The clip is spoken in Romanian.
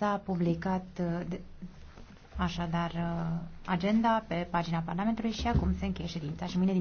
S-a publicat așadar uh, agenda pe pagina Parlamentului și acum se încheie ședința și mâine dimineața